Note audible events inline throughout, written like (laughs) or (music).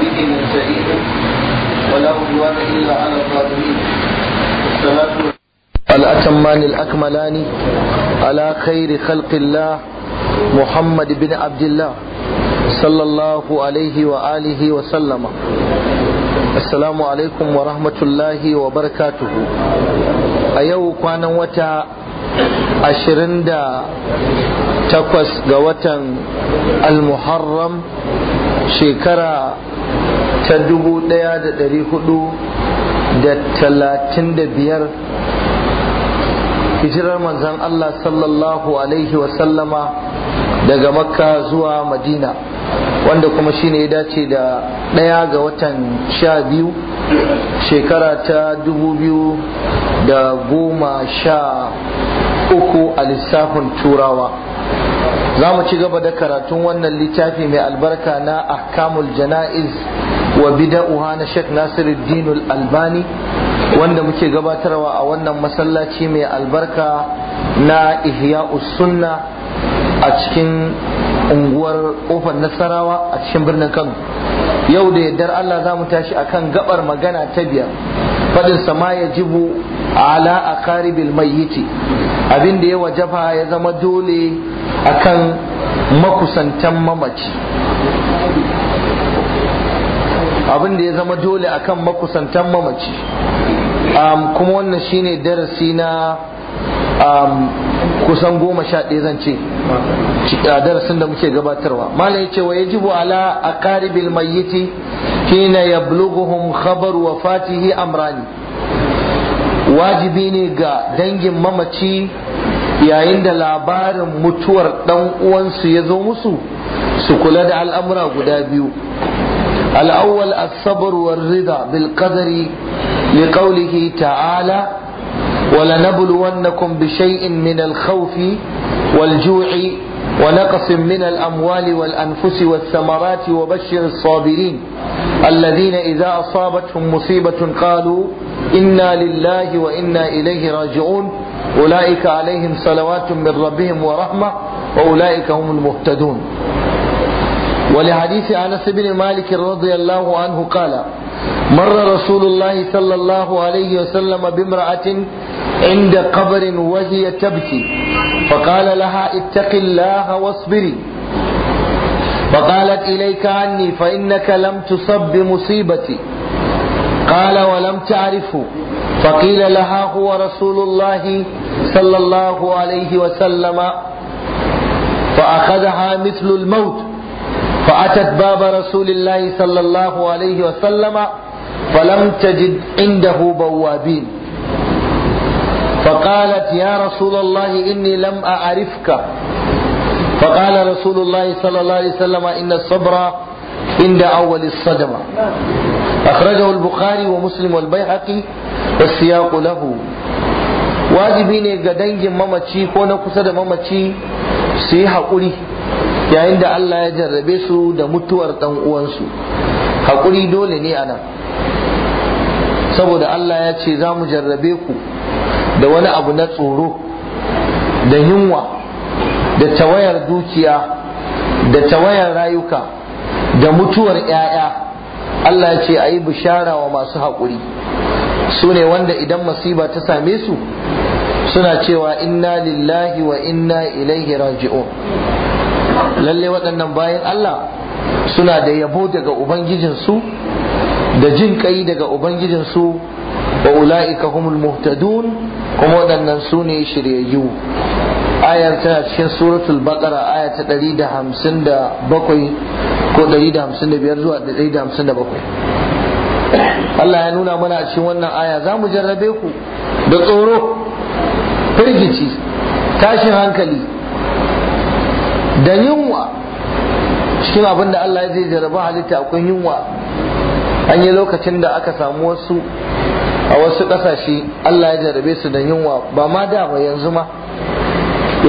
وبه نستعين ولا عدوان إلا على الظالمين الصلاة الأتمان الأكملان على خير خلق الله محمد بن عبد الله صلى الله عليه وآله وسلم Assalamu alaikum wa rahmatullahi wa barakatuhu. A yau kwanan wata ashirin da takwas ga watan Al-Muharram shekara ta dubu ɗaya da ɗari hudu da talatin da biyar hijirar manzan Allah sallallahu alaihi wasallama daga makka zuwa madina wanda kuma shine ya dace da ɗaya ga watan sha biyu shekara ta dubu biyu da goma sha uku a lissafin turawa za mu ci gaba da karatun wannan littafi mai albarka na ahkamul jana'iz wa bida'uha na Sheikh Nasiru Al-Albani wanda muke gabatarwa a wannan masallaci mai albarka na ihya Sunna a cikin unguwar kofar Nasarawa a cikin birnin Kano yau da yardar Allah za mu tashi akan gabar magana ta biyar fadin sama ya jibu ala aqaribil mayyiti abin da ya wajaba ya zama dole akan makusantan mamaci abin da ya zama dole akan makusantan mamaci kuma wannan shine darasi na kusan goma sha ɗaya zan ce a darasin da muke gabatarwa malam ce wa yajibu ala aqaribil mayyiti hina yablughuhum khabar Fatihi amrani wajibi ne ga dangin mamaci yayin da labarin mutuwar ɗan uwansu ya zo musu su kula da al'amura guda biyu الأول الصبر والرضا بالقدر لقوله تعالى ولنبلونكم بشيء من الخوف والجوع ونقص من الأموال والأنفس والثمرات وبشر الصابرين الذين إذا أصابتهم مصيبة قالوا إنا لله وإنا إليه راجعون أولئك عليهم صلوات من ربهم ورحمة وأولئك هم المهتدون ولحديث أنس بن مالك رضي الله عنه قال مر رسول الله صلى الله عليه وسلم بامرأة عند قبر وهي تبكي فقال لها اتق الله واصبري فقالت إليك عني فإنك لم تصب بمصيبتي قال ولم تعرفه فقيل لها هو رسول الله صلى الله عليه وسلم فأخذها مثل الموت فأتت باب رسول الله صلى الله عليه وسلم فلم تجد عنده بوابين فقالت يا رسول الله إني لم أعرفك فقال رسول الله صلى الله عليه وسلم إن الصبر عند أول الصدمة أخرجه البخاري ومسلم والبيهقي والسياق له wajibi ne ga dangin mamaci ko na kusa da mamaci su yi haƙuri yayin da Allah ya jarrabe su da mutuwar dan uwansu hakuri dole ne anan saboda Allah ya ce za mu jarrabe ku da wani abu na tsoro da yunwa da tawayar dukiya da tawayar rayuka da mutuwar 'ya'ya Allah ya ce a yi bishara wa masu haƙuri su ne wanda idan masiba ta same su suna cewa inna lillahi wa inna ilaihi raji'un lalle waɗannan bayan Allah suna da yabo daga ubangijinsu da jin kai daga ubangijinsu wa ula'ika humul muhtadun kuma waɗannan su ne shiryayyu ayar tana cikin suratul baqara aya ta 157 ko 155 zuwa 157 Allah ya nuna mana a cikin wannan aya za mu jarrabe ku da tsoro firgici tashin hankali da yin cikin abin da Allah zai jaraba halitta akwai yunwa an yi lokacin da aka samu wasu a wasu ƙasashe Allah ya jarabe su da yunwa ba ma da ba yanzu ma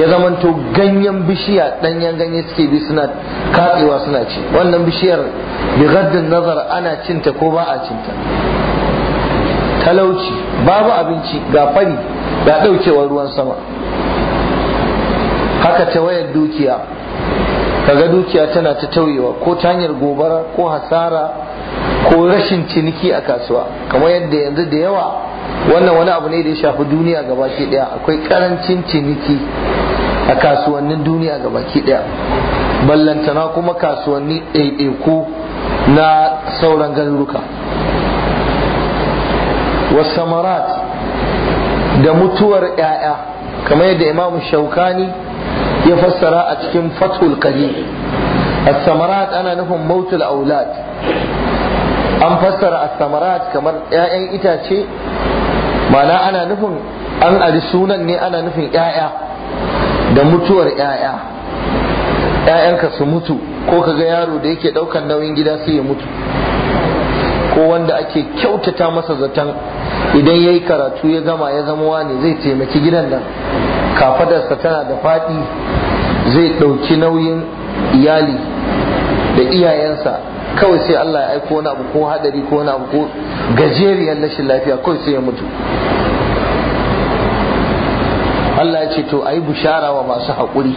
ya zamanto ganyen bishiya ɗanyen ganye suke bi suna katsewa suna ci wannan bishiyar gaddin nazar ana cinta ko ba a cinta talauci babu abinci ga fari ga ɗaukewar ruwan sama haka ta wayar dukiya kaga dukiya tana ta tauyewa ko ta hanyar gobara ko hasara ko rashin ciniki a kasuwa kamar yadda yanzu da yawa wannan wani abu ne da ya shafi duniya gaba ke daya akwai karancin ciniki a kasuwannin duniya gaba gabaki daya ballantana kuma kasuwanni ɗaiɗaiku na sauran garuruka wasamarat da mutuwar 'ya'ya kamar yadda imamu shaukani ya fassara a cikin fathul kari as-samarat ana nufin mautul aulad an fassara as-samarat kamar 'ya'yan itace mana ana nufin an ari sunan ne ana nufin ƴaƴa da mutuwar ƴaƴa ƴaƴanka su mutu ko kaga yaro da yake ɗaukan nauyin gida sai ya mutu ko wanda ake kyautata masa zaton idan ya yi karatu ya gama ya zama wani zai taimaki gidan nan kafadarsa tana da faɗi zai ɗauki nauyin iyali da iyayensa kawai sai Allah ya aiko wani abu ko hadari ko wani abu ko gajeriyar rashin lafiya kawai sai ya mutu Allah ya ce to ayi bushara wa masu haƙuri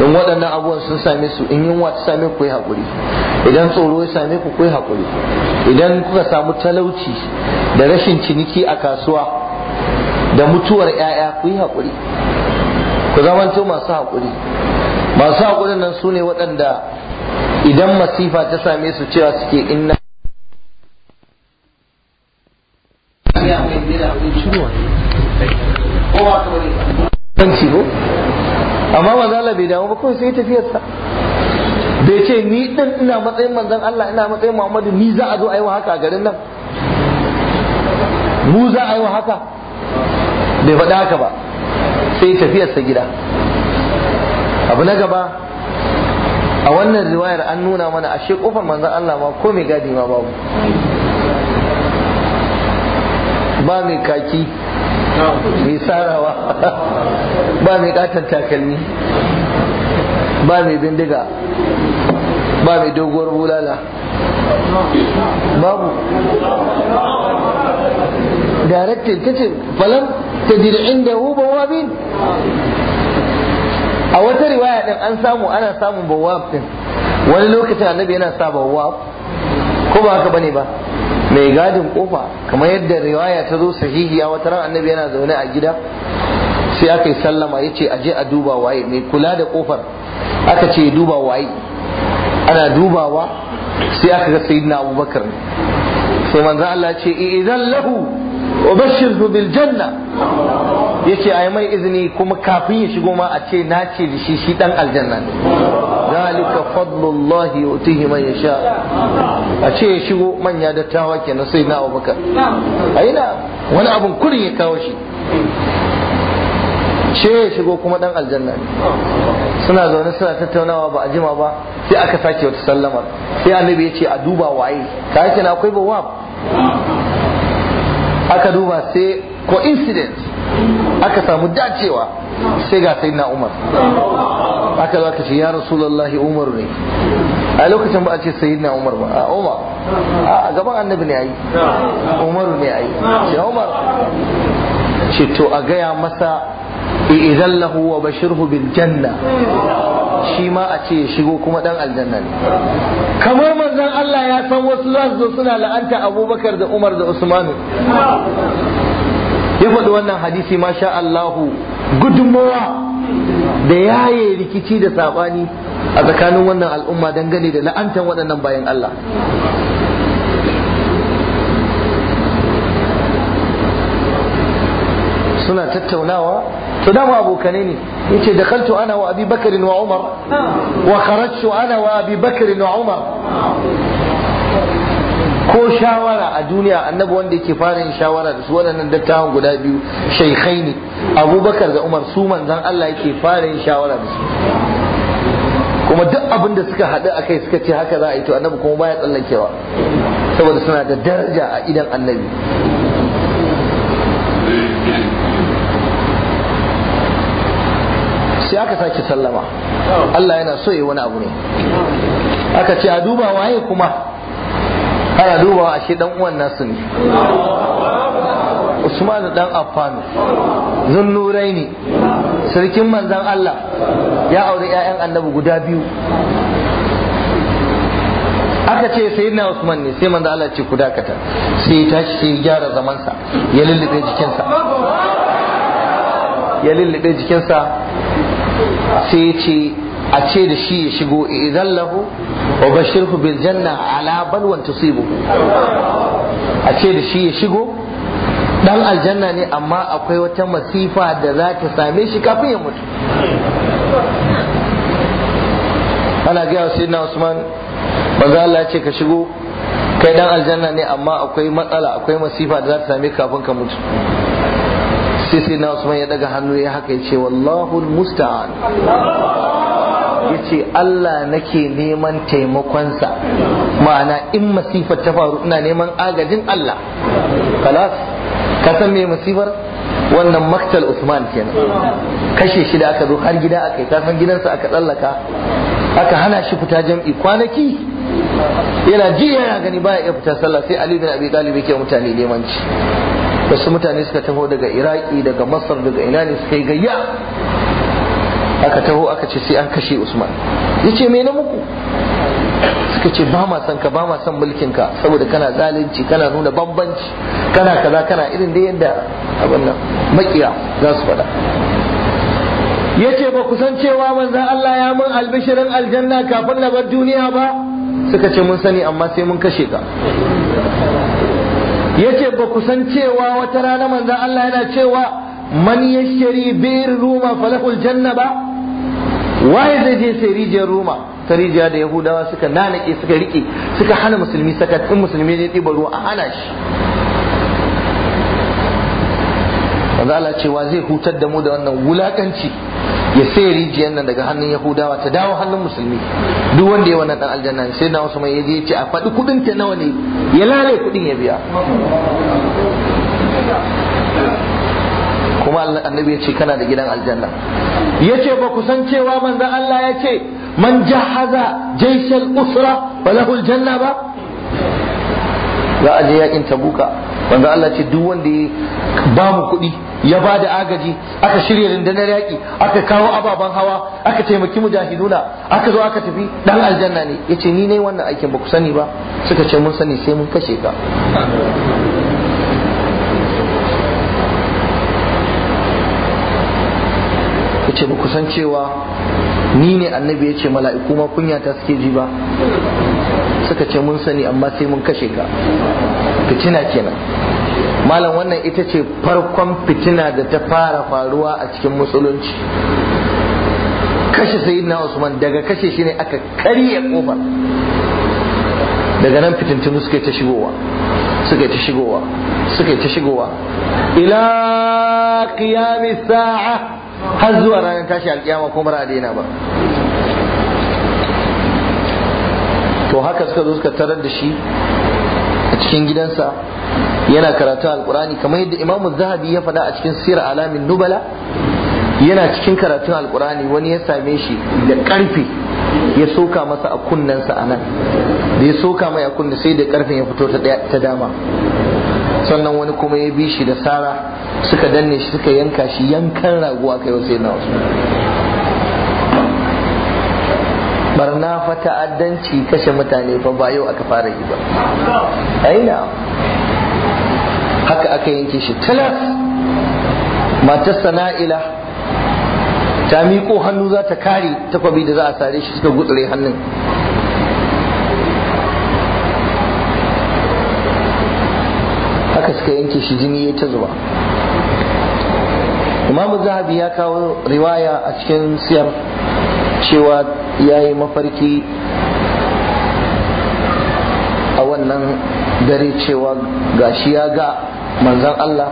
don waɗannan abubuwan sun same su in yunwa ta same ku yi haƙuri idan tsoro ya same ku yi haƙuri idan kuka samu talauci da rashin ciniki a kasuwa da mutuwar 'ya'ya ku yi haƙuri ku zamanto masu haƙuri masu haƙurin nan su ne waɗanda idan masifa ta same su cewa suke inna amma manzala bai damu ba kawai sai tafiyarsa bai ce ni din ina matsayin manzon Allah ina matsayin Muhammadu ni za a zo a yi wa haka garin nan mu za a yi wa haka bai faɗi haka ba sai tafiyarsa gida abu na gaba a wannan riwayar an nuna mana ashe kofar manzan Allah ma ko mai gadi ma babu ba mai kaki mai sarawa ba mai katon takalmi ba mai bindiga ba mai doguwar bulala babu directing kitchen falam inda indahu bawabin a wata riwaya ɗin an samu ana samun bawab din wani lokacin annabi yana sa bawab ko ba haka bane ba mai gadin kofa kamar yadda riwaya ta zo sahihi a wata ran annabi yana zaune a gida sai aka yi sallama yace aje a duba waye mai kula da kofar aka ce duba waye ana dubawa sai aka ga sayyidina abubakar sai manzo Allah ce idan lahu وبشره Ya ce a yi mai izini kuma kafin ya shigo ma a ce na ce da shi shi dan aljanna ne zalika fadlullahi yu'tihi ya sha. a ce ya shigo manya da ta dattawa kenan sai na Abubakar a na wani abun kurin ya kawo shi ce ya shigo kuma dan aljanna suna zaune suna tattaunawa ba a jima ba sai aka sake wata sallama sai annabi ya ce a duba waye ka yake na akwai ba bawab aka duba sai coincidence aka samu dacewa sai ga na Umar aka zaka aka ce ya rasulullahi Umar ne a lokacin ba a ce na Umar ba a Umar a gaban annabi ne ayi Umar ne ayi ce Umar ce to a gaya masa idan lahu wa bashirhu bil janna shi ma a ce ya shigo kuma dan aljanna ne kamar manzon Allah ya san wasu za zo suna la'anta Abubakar da Umar da Usman ya faɗi wannan hadisi masha Allahu gudunmawa da yaye rikici da saɓani a tsakanin wannan al'umma dangane da la'antan waɗannan bayan Allah suna tattaunawa to dama abokane ne yace dakhaltu ana wa abi bakr wa umar ah. wa kharajtu ana wa abi umar ko shawara a duniya annabi wanda yake fara yin shawara da su waɗannan dattawan guda biyu shaikhai ne abubakar da umar su manzan Allah yake fara yin shawara da su kuma duk abin da suka haɗu a kai suka ce haka za a yi to annabi kuma baya tsallakewa saboda suna da daraja a idan annabi sai aka sake sallama Allah yana so yi wani abu ne aka ce a duba waye kuma ana wa ashe dan uwan nasu ne Usman dan Affan Zunnuraini sarkin manzon Allah ya aure ƴaƴan annabi guda biyu aka ce sai na Usman ne sai manzo Allah ce ku dakata sai tashi sai ya gyara zamansa ya lullube jikinsa ya lullube jikinsa sai ce a ce da shi ya shigo idan lahu wa bashirhu bil janna ala balwan tusibu a ce da shi ya shigo dan aljanna ne amma akwai wata masifa da za ta same shi kafin ya mutu ana gaya wa na usman manzo Allah ya ce ka shigo kai dan aljanna ne amma akwai matsala akwai masifa da za ta same kafin ka mutu sai sai na usman ya daga hannu ya haka ya ce wallahu musta'an ya ce Allah nake neman taimakonsa ma'ana in masifar ta faru ina neman agajin Allah kalas ka san me masifar wannan maktal usman kenan kashe shi da aka zo har gida aka yi kasan gidansa aka tsallaka aka hana shi fita jam'i kwanaki yana ji yana gani baya iya fita sallah sai ali bin abi talib yake mutane limanci wasu mutane suka taho daga iraki daga masar daga ina ne suka yi gayya aka taho aka ce sai an kashe usman ya ce me na muku suka ce ba ma son ka ba ma son mulkin ka saboda kana zalunci kana nuna bambanci kana kaza kana irin da yadda abin nan makiya za su faɗa ya ce ba kusan cewa manzan Allah ya mun albishirin aljanna kafin na bar duniya ba suka ce mun sani amma sai mun kashe ka ba ku san cewa wata rana manzan Allah yana cewa man yashri bir ruma falahul janna ba waye zai je sai rijiyar ruma ta rijiya da yahudawa suka nanake suka rike suka hana musulmi saka in musulmi ne ɗiba ruwa a hana shi manzo Allah cewa zai hutar da mu da wannan wulakanci ya sai rijiyar nan daga hannun yahudawa ta dawo hannun musulmi duk wanda ya wannan dan aljanna sai na wasu mai ya je ce a faɗi kuɗin ta nawa ne ya lale kuɗin ya biya kuma annabi ya ce kana da gidan aljanna ya ce ba ku san cewa manzan Allah ya ce man jahaza jaishal usra wa lahul janna ba za a je yakin tabuka wanda Allah ce duk wanda ya ba mu kuɗi ya ba da agaji aka shirya rundunar yaƙi aka kawo ababen hawa aka taimaki mujahiduna aka zo aka tafi dan aljanna ne ya ce ni ne wannan aikin ba ku sani ba suka ce mun sani sai mun kashe ka Ya ce ba ku san cewa ni ne annabi ce mala'iku ma kunyata suke ji ba suka ce mun sani amma sai mun kashe ka fitina kenan malam wannan ita ce farkon fitina da ta fara faruwa a cikin musulunci kashe sayyidina usman daga kashe shi ne aka karya kofar daga nan fitintunu suka ta shigowa suka ta shigowa suka ta shigowa ila qiyami sa'a har zuwa ranar tashi alkiyama ko mara daina ba to haka suka zo suka tarar da shi a cikin gidansa yana karatun alkurani kamar yadda imam zahabi ya faɗa a cikin sirar alamin nubala yana cikin karatun alkurani wani ya same shi da ƙarfe ya soka masa a kunnensa a nan da ya soka mai a kunne sai da ƙarfin ya fito ta dama sannan wani kuma ya bi shi da sara suka danne shi suka yanka shi yankan raguwa kai wasu yana wasu barna fa ta'addanci kashe mutane fa ba yau aka fara yi ba aina haka aka yanke shi talas matar sana'ila ta miƙo hannu za ta kare takwabi da za a sare shi suka gutsure hannun haka suka yanke shi jini ya ta zuba imamu zahabi ya kawo riwaya a cikin siyar cewa ya yi mafarki a wannan dare cewa ga shi ya ga manzan Allah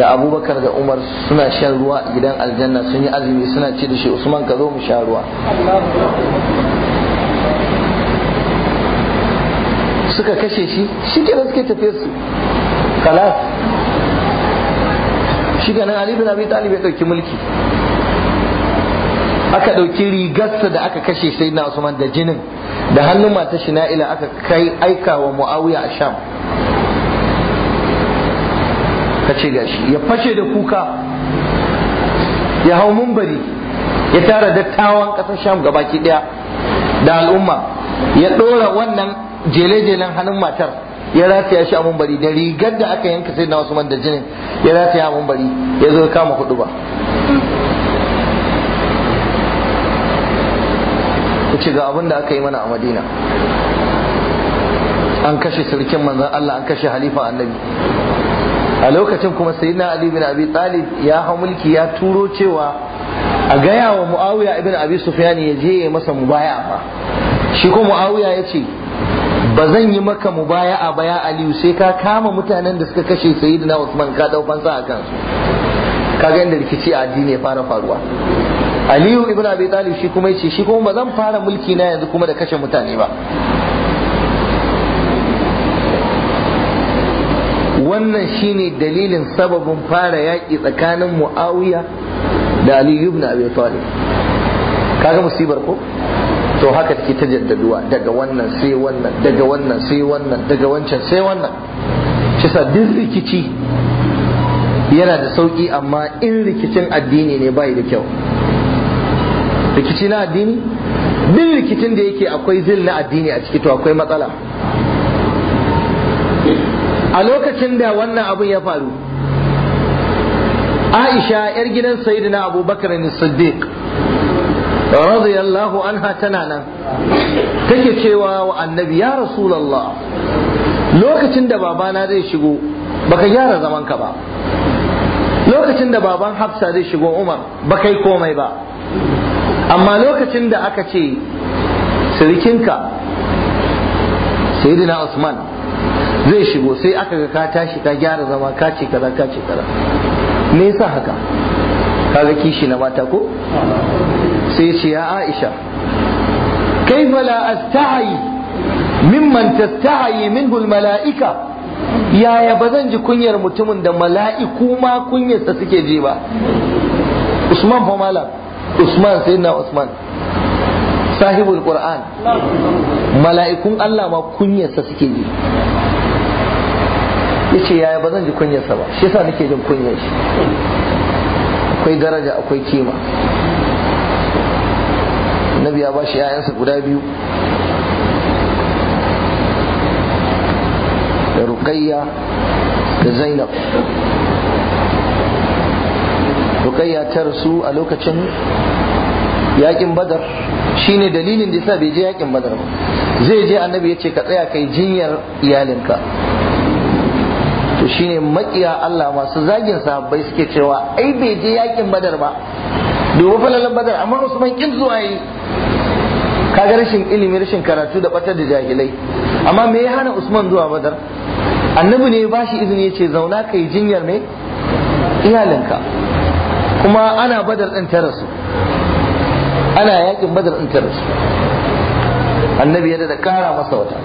da abubakar da umar suna shan ruwa a gidan aljanna sun yi azumi suna ce da shi usman ka zo mu sha ruwa suka kashe shi shi ke suke tafiye su kalas shi ganin ali bin abi talib ya ɗauki mulki aka ɗauki rigarsa da aka kashe sai na Usman da jinin da hannun matar shi na'ila aka kai aika wa Muawiya a Sham ka ce gashi ya fashe da kuka ya hau mumbari ya tara dattawan ƙasar Sham gabaki ɗaya da al'umma ya ɗora wannan jele-jelen hannun matar ya rataya shi a mumbari da rigar da aka yanka sai na Usman da jinin ya rataya a mumbari ya zo kama hudu ba ce ga abin da aka yi mana a madina an kashe sirkin manzan Allah an kashe halifa annabi a lokacin kuma sayyidina ali bin abi talib ya hau mulki ya turo cewa a gaya wa muawiya ibn abi sufyan ya je ya masa mubaya'a ba shi ko muawiya ya ce ba zan yi maka mubaya'a ba ya aliyu sai ka kama mutanen da suka kashe sayyidina usman ka dau fansa a kansu kaga inda rikici a addini ya fara faruwa aliyu ibn abi talib shi kuma yace shi kuma ba zan fara mulki na yanzu kuma da kashe mutane ba wannan shine dalilin sababin fara yaƙi tsakanin muawiya da aliyu ibn abi talib kaga musibar ko to haka take ta jaddaduwa daga wannan sai wannan daga wannan sai wannan daga wancan sai wannan shi sa duk rikici yana da sauki amma in rikicin addini ne bai da kyau rikici na addini duk rikicin da yake akwai zil na addini a ciki to akwai matsala a lokacin da wannan abin ya faru aisha yar gidan sayyidina abubakar ne siddiq radiyallahu anha tana nan take cewa wa annabi ya rasulullah lokacin da babana zai shigo baka gyara zaman ka ba lokacin da baban hafsa zai shigo umar ba kai komai ba amma lokacin da aka ce sirikinka sayyidina usman zai shigo sai aka ga ka tashi ka gyara zama ka ce kaza ka ce kaza me yasa haka ka ga kishi na mata ko sai ce ya aisha kaifa la astahi mimman tastahi minhu mala'ika? yaya ba zan ji kunyar mutumin da mala'iku ma kunyarsa suke je ba usman fa Usman sai na Usman sahibul Qur'an mala'ikun Allah ma kunyarsa suke yi yace yaya ba zan ji kunyarsa ba shi yasa nake jin kunyar shi akwai daraja akwai kima nabi ya bashi yayansa guda biyu da ruqayya da zainab rukayya ta rasu a lokacin yakin badar shine dalilin da yasa bai je yakin badar ba zai je annabi ya ce ka tsaya kai jinyar iyalinka to shine makiya Allah masu zagin sahabbai suke cewa ai bai je yakin badar ba domin falalan badar amma Usman kin zuwa yi kaga rashin ilimi rashin karatu da batar da jahilai amma me ya hana Usman zuwa badar annabi ne ya bashi izini ya ce zauna kai jinyar me iyalinka kuma ana badar ɗin ta ana yakin badar ɗin ta annabi ya da kara masa wata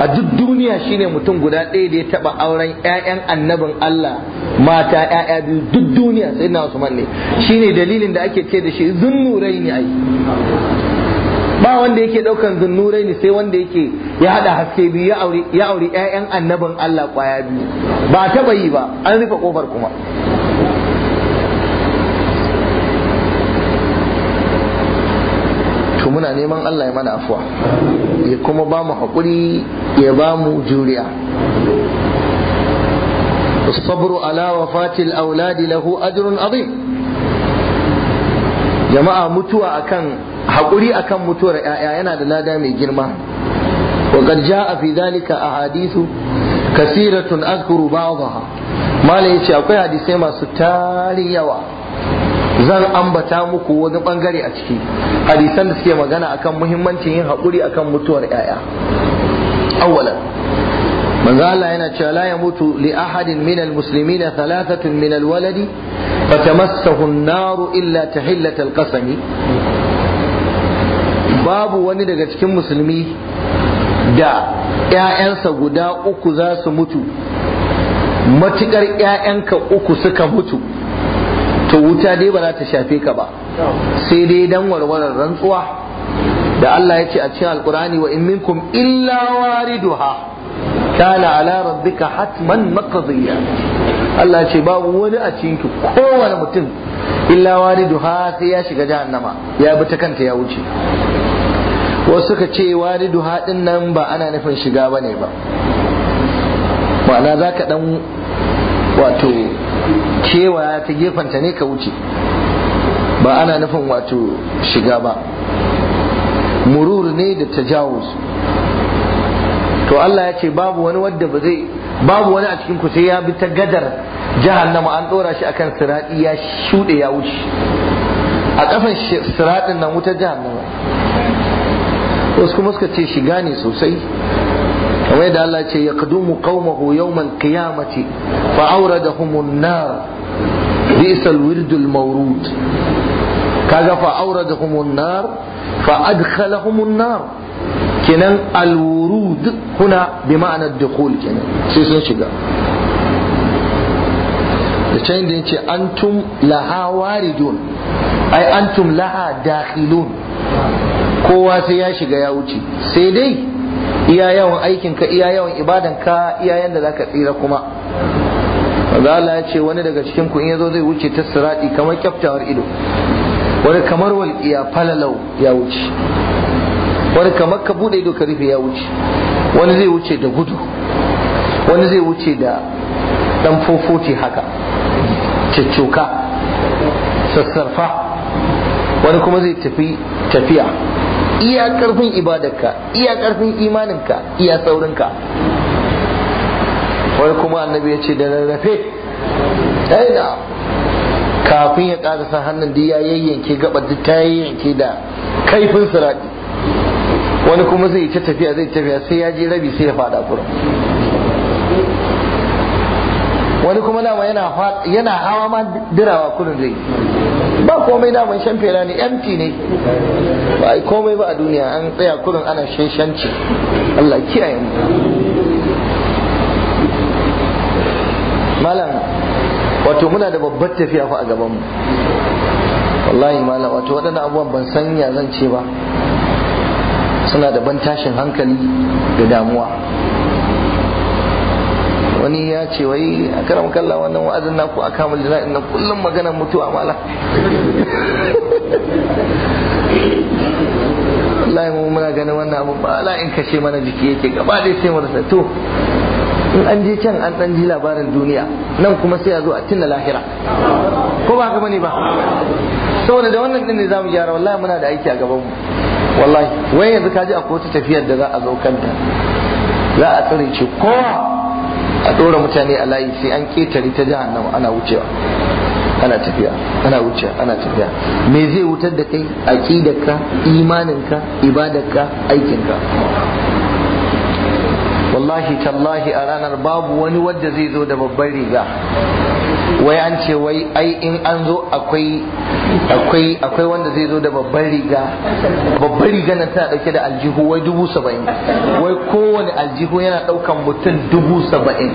a duk duniya shine mutum guda ɗaya da ya taɓa auren 'ya'yan annabin Allah mata 'ya'ya biyu duk duniya sai na Usman ne shine dalilin da ake ce da shi zunnurai ne ai ba wanda yake daukan zunnurai ne sai wanda yake ya hada haske biyu ya aure ya aure ƴaƴan annabin Allah kwaya biyu ba taba yi ba an rufe kofar kuma to muna neman Allah ya mana afuwa ya kuma ba mu hakuri ya ba mu juriya الصبر على وفاة الأولاد له أجر عظيم jama'a mutuwa akan haƙuri akan mutuwar ‘ya'ya yana da lada mai girma wa garja a fi zalika a hadisu kasiratun azkuru ba'daha mala yace akwai hadisai masu tarin yawa zan ambata muku wani bangare a ciki hadisan da suke magana akan muhimmancin yin haƙuri akan mutuwar ‘ya'ya awwalan manzo Allah yana cewa la yamutu li ahadin min almuslimin thalathatun min alwaladi fatamassahu an-nar illa tahillata alqasami babu wani daga cikin musulmi da 'ya'yansa guda uku za su mutu matukar 'ya'yanka uku suka mutu to wuta dai ba za ta shafe ka ba sai dai dan warwarar rantsuwa da Allah ya ce a cikin alkurani wa in minkum illa wariduha kana ala rabbika hatman maqdiya Allah ya ce babu wani a cikin ki kowane mutum illa wariduha sai ya shiga jahannama ya bi ta kanta ya wuce wasu suka ce waridu haɗin nan ba ana nufin shiga ba ne ba ma'ana za ka ɗan wato kewaya ta gefanta ne ka wuce ba ana nufin wato shiga ba murur ne da su. to Allah ya ce babu wani wadda ba zai babu wani a cikin ku sai ya bi ta gadar jahannama an dora shi akan siradi ya shuɗe ya wuce a kafan siradin nan wutar jahannama wasu kuma suka ce shiga ne sosai kamar yadda Allah ce ya kadumu qaumahu qiyamati fa nar wirdul mawrud kaga fa awradahumun nar fa nar kenan kuna bi dukhul kenan sai sun shiga da can da yace antum laha waridun antum laha dakhilun kowa sai ya shiga ya wuce sai dai iya yawan aikin iya yawan ibadan ka iya yanda zaka tsira kuma Allah ya ce wani daga cikin ku in yazo zai wuce ta sirati kamar kyaftawar ido wani kamar walƙiya falalau ya wuce wani kamar ka bude ido ka rufe ya wuce wani zai wuce da gudu wani zai wuce da dan fofoti haka ciccuka sassarfa wani kuma zai tafi tafiya iya karfin ibadarka iya karfin imaninka iya saurinka wai kuma annabi ya ce da rarrafe da kafin ya san hannun da ya yayyanke gaba da ta yayyanke da kaifin sirati wani kuma zai ta tafiya zai tafiya sai ya je rabi sai ya fada kura wani kuma dama yana hawa ma dirawa kurin zai ba komai daman shan fela ne empty ne ba komai ba a duniya an tsaya kurin ana shanshanci Allah kiyaye mu malam wato muna da babbar tafiya fa a gaban mu wallahi malam wato waɗannan abubuwan ban san ya zan ce ba suna da ban tashin hankali da damuwa wani ya ce wai a karam kalla wannan wa'azin naku a kamar jana'in nan kullum maganar mutuwa mala wallahi mu muna ganin wannan abu ba la in kashe mana jiki yake gaba dai sai mu rasa to in an je can an dan ji labarin duniya nan kuma sai a zo a tunna lahira ko ba haka bane ba saboda da wannan din ne zamu gyara wallahi muna da aiki a gaban mu wallahi wai yanzu kaji akwai wata tafiyar da za a zo kanta za a tsare ce kowa a ɗora mutane a layi sai an ƙetare ta jahannama ana wucewa ana tafiya ana wucewa ana tafiya me zai wutar da kai aqidarka imaninka ibadarka aikinka wallahi tallahi a ranar babu wani wanda zai zo da babbar riga wai an ce wai ai in an zo akwai akwai akwai wanda zai zo da babban riga babban riga na tana dauke da aljihu wai dubu saba'in wai kowane aljihu yana daukan mutum dubu saba'in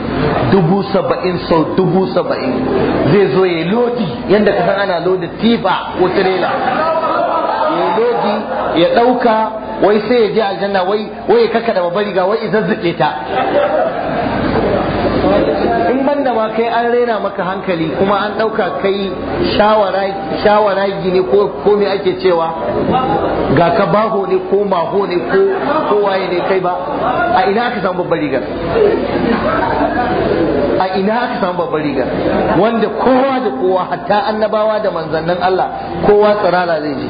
dubu saba'in sau dubu saba'in zai zo ya lodi yadda ka san ana lodi tifa ko trela ya lodi ya dauka wai sai ya je aljanna wai wai kaka da babban riga wai izazzabe ta ban da ma kai an rena maka hankali kuma an ɗauka kai shawara gini ko me ake cewa ga ka baho ne ko maho ne ko kowaye ne kai ba a ina aka samu babbar rigar a ina aka samu babbar rigar wanda kowa da kowa hatta annabawa da manzannin Allah kowa tsirara zai ji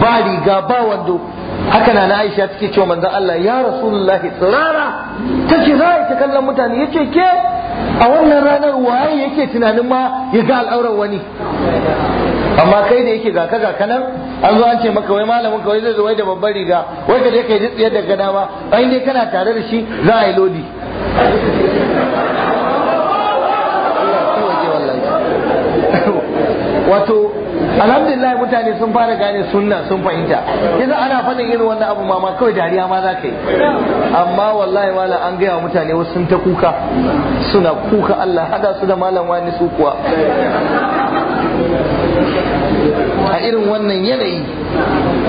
ba riga ba wando haka na Aisha take cewa manzo Allah ya Rasulullahi tsirara take za ta kallon mutane yace ke a wannan ranar waye yake tunanin ma ya ga al'auran wani amma kai da yake ga gaka ga kanan an zo an ce maka wai malamin ka wai zai zo wai da babbar riga wai ka dai kai jitsiyar da gada ma ai dai kana tare da shi za a yi lodi (laughs) wato alhamdulillah mutane sun fara gane sunna sun fahimta yanzu ana faɗin irin wannan abu ma kawai dariya ma za ka yi amma wallahi wala an gaya mutane wasu sun ta kuka suna kuka Allah hada su da malam wani su kuwa a irin wannan yanayi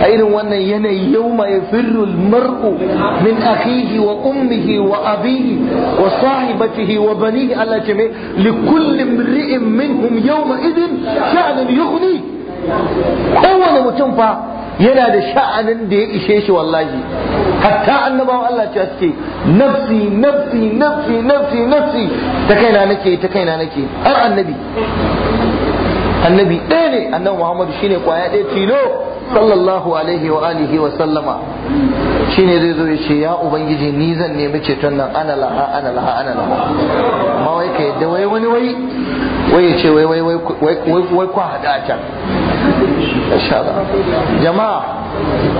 a irin wannan yanayi yau ma ya firru mar'u min akhihi wa ummihi wa abihi wa sahibatihi wa banihi Allah ce mai li kulli imri'in minhum yawma idin sha'anin yughni kowane mutum fa yana da sha'anin da ya ishe shi wallahi hatta annabawa Allah ce suke nafsi nafsi nafsi nafsi nafsi ta kaina nake ta kaina nake har annabi annabi ɗaya ne annabi Shi shine kwaya ɗaya tilo sallallahu alaihi wa alihi wa sallama shine zai zo ya ce ya ubangiji ni zan nemi ceton nan ana laha ana laha ana laha ma wai ka yadda wai wani wai wai ya ce wai wai wai wai kwa hada a can jama'a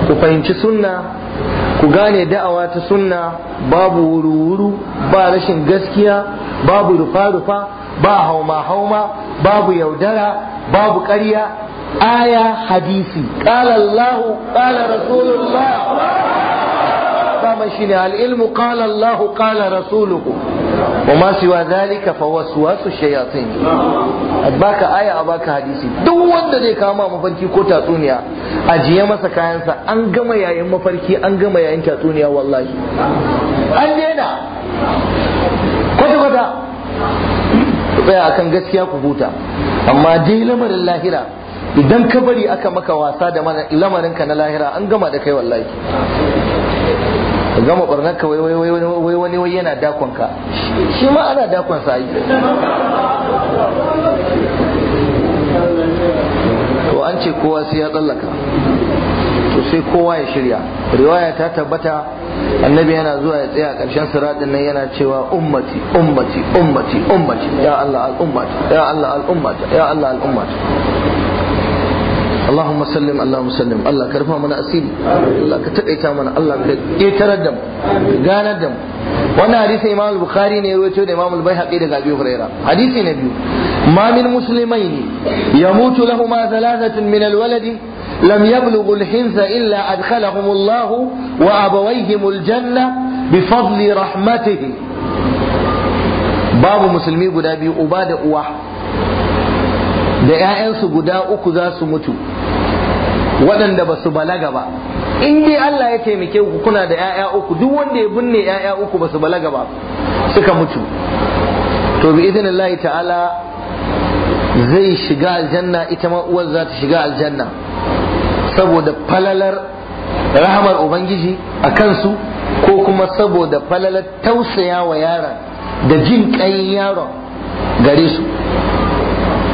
ku fahimci sunna ku gane da'awa ta sunna babu wuru-wuru ba rashin gaskiya babu rufa-rufa ba hauma-hauma babu yaudara babu ƙarya aya hadisi ƙala Allahu Rasulullah daman shi ne al’ilmu qala Allah kala rasuluhu wa ma siwa zalika fa waswasu shayatin baka aya a baka hadisi duk wanda zai kama mafarki ko tatsuniya ajiye masa kayansa an gama yayin mafarki an gama yayin tatsuniya wallahi an daina kwata kwata tsaya akan gaskiya ku huta amma dai lamarin lahira idan ka bari aka maka wasa da lamarinka na lahira an gama da kai wallahi ka gama barnar ka wai wai wani wai yana dakon ka shi ma ana dakon sa yi to an ce kowa sai ya tsallaka to sai kowa ya shirya riwaya ta tabbata annabi yana zuwa ya tsaya karshen siratin nan yana cewa ummati ummati ummati ummati ya Allah al'ummati ya Allah al'ummati ya Allah al'ummata Allahumma sallim Allahumma sallim Allah ka rufa mana asiri Allah ka taƙaita mana Allah ka da mu ka da mu wannan hadisi Imam al ne ya rawaito da Imam al-Baihaqi daga Abi Hurairah hadisi na biyu ma min muslimaini yamutu lahumā thalathatun min minal waladi lam yablughu al illa adkhalahum wa abawayhim janna bifadli rahmatih babu musulmi guda biyu uba da uwa da 'ya'yansu guda uku za su mutu waɗanda ba su balaga ba in dai Allah ya taimake ku kuna da ‘ya'ya uku duk wanda ya binne ‘ya'ya uku ba su balaga ba suka mutu to bi idinillahi ta'ala zai shiga aljanna ita ma uwar za ta shiga aljanna saboda falalar rahamar ubangiji a kansu ko kuma saboda falalar tausaya wa yaron da jin ƙayin yaron gare su